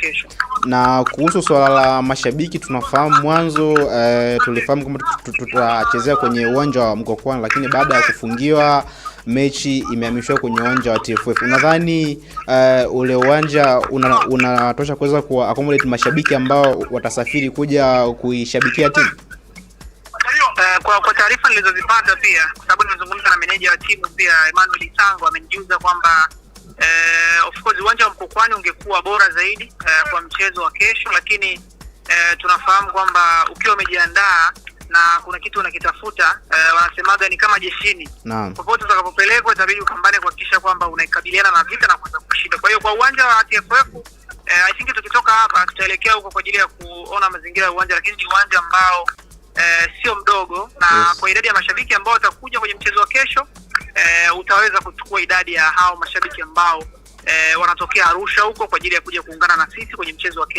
kesho. Na kuhusu swala la mashabiki, tunafahamu mwanzo e, tulifahamu kwamba tutachezea kwenye uwanja wa Mkokwani, lakini baada ya kufungiwa mechi imehamishwa kwenye uwanja wa TFF. Unadhani eh, ule uwanja unatosha una kuweza kuwa accommodate mashabiki ambao watasafiri kuja kuishabikia timu? Uh, Kwa, kwa taarifa nilizozipata pia, kwa sababu nimezungumza na meneja wa timu pia Emmanuel Sango amenijuza kwamba ungekuwa bora zaidi uh, kwa mchezo wa kesho, lakini uh, tunafahamu kwamba ukiwa umejiandaa na kuna kitu unakitafuta uh, wanasemaga ni kama jeshini. Naam, popote utakapopelekwa itabidi ukambane kuhakikisha kwamba unaikabiliana na vita na kuweza kushinda. Kwa hiyo kwa uwanja wa TFF uh, I think tukitoka hapa tutaelekea huko kwa ajili ya kuona mazingira ya uwanja, lakini ni uwanja ambao uh, sio mdogo na yes, kwa idadi ya mashabiki ambao watakuja kwenye mchezo wa kesho uh, utaweza kuchukua idadi ya hao mashabiki ambao eh, wanatokea Arusha huko kwa ajili ya kuja kuungana na sisi kwenye mchezo wa kesho.